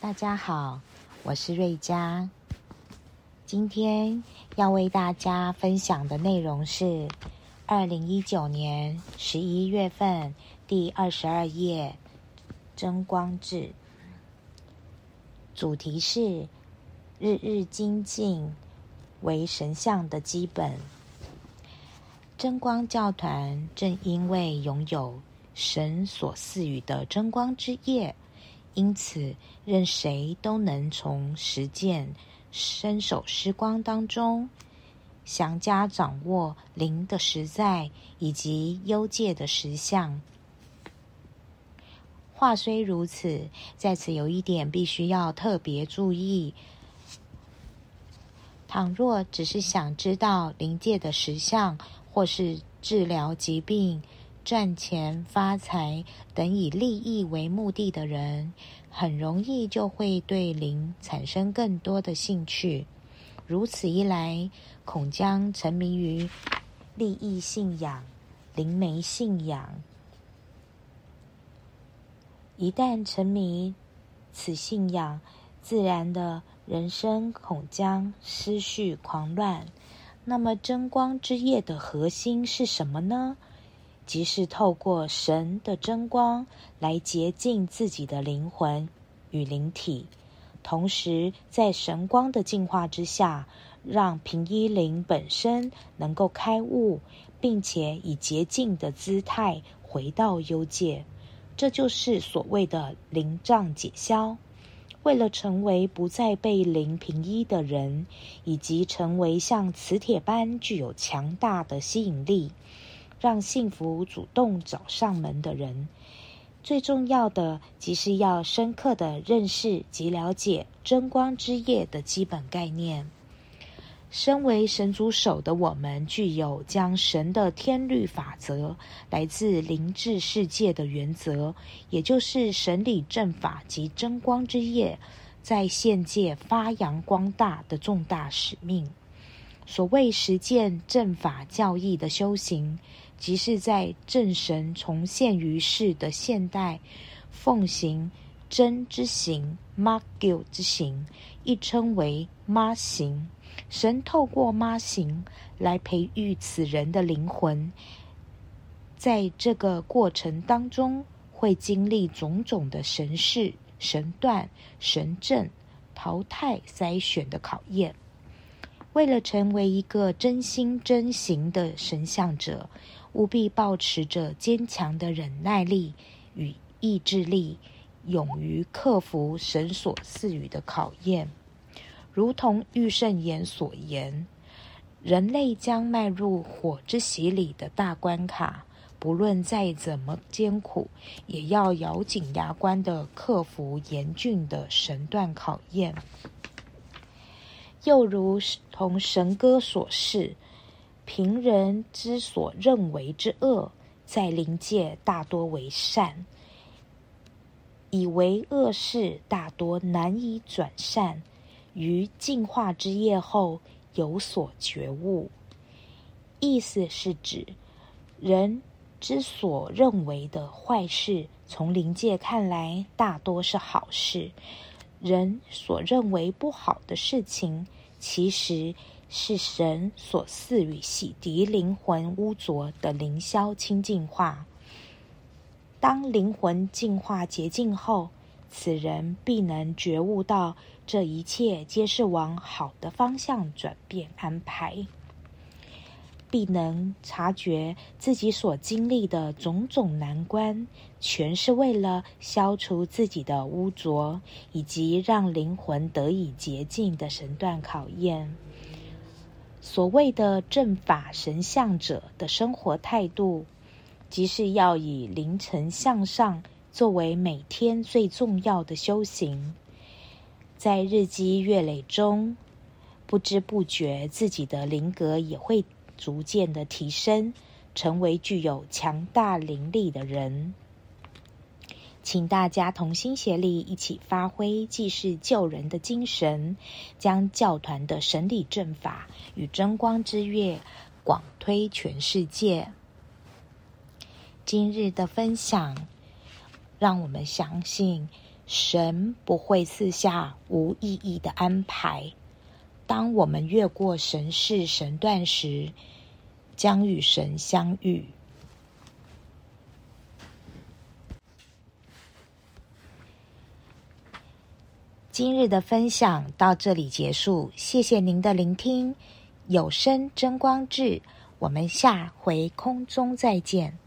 大家好，我是瑞家。今天要為大家分享的內容是二零一九年十一月份第二十二頁《真光誌》，主題是“日日精進為神向的基本”。真光教團正因為擁有神所賜予的真光之業。因此，任誰都能從實踐伸手施光當中詳加掌握靈的實在以及幽界的實相。話雖如此，在此有一點必須要特別注意：倘若只是想知道靈界的實相，或是治療疾病。賺錢、發財等以利益為目的的人，很容易就會對靈產生更多的興趣。如此一來，恐將沉迷於利益信仰、靈媒信仰。一旦沉迷此信仰，自然的人生恐將思緒狂亂。那麼，真光之業的核心是什麼呢？即是透過神的真光來潔淨自己的靈魂與靈體，同時在神光的淨化之下，讓平一靈本身能夠開悟，並且以潔淨的姿態回到幽界。這就是所謂的靈障解消。為了成為不再被靈平一的人，以及成為像磁鐵般具有強大的吸引力。讓幸福主動找上門的人，最重要的，即是要深刻地認識及了解真光之業的基本概念。身為神組手的我們，具有將神的天律法則、來自靈智世界的原則，也就是神理正法及真光之業，在現界發揚光大的重大使命。所謂實踐正法教義的修行，即是在正神重現於世的現代，奉行真之行、馬教之行，亦稱為媽行。神透過媽行來培育此人的靈魂，在這個過程當中，會經歷種種的神事、神斷、神證、淘汰篩選的考驗。為了成為一個真心真行的神向者，務必保持着堅強的忍耐力與意志力，勇於克服神所賜予的考驗。如同御聖言所言，人類將邁入火之洗禮的大關卡，不論再怎麼艱苦，也要咬緊牙關地克服嚴峻的神斷考驗。又如同神歌所示，平人之所認為之惡，在靈界大多為善；以為惡事大多難以轉善，於淨化之夜後有所覺悟。意思是指，人之所認為的壞事，從靈界看來大多是好事。人所認為不好的事情，其實是神所賜予洗滌靈魂污濁的靈霄清淨化。當靈魂淨化潔淨後，此人必能覺悟到這一切皆是往好的方向轉變安排。必能察覺自己所經歷的種種難關，全是為了消除自己的污濁，以及讓靈魂得以潔淨的神段考驗。所謂的正法神向者的生活態度，即是要以凌晨向上作為每天最重要的修行，在日積月累中，不知不覺自己的靈格也會。逐漸的提升，成為具有強大靈力的人。請大家同心協力，一起發揮濟世救人的精神，將教團的神理正法與真光之樂廣推全世界。今日的分享，讓我們相信神不會私下無意義的安排。當我們越過神世神斷時，將與神相遇。今日的分享到這裡結束，謝謝您的聆聽。有聲真光誌，我們下回空中再見。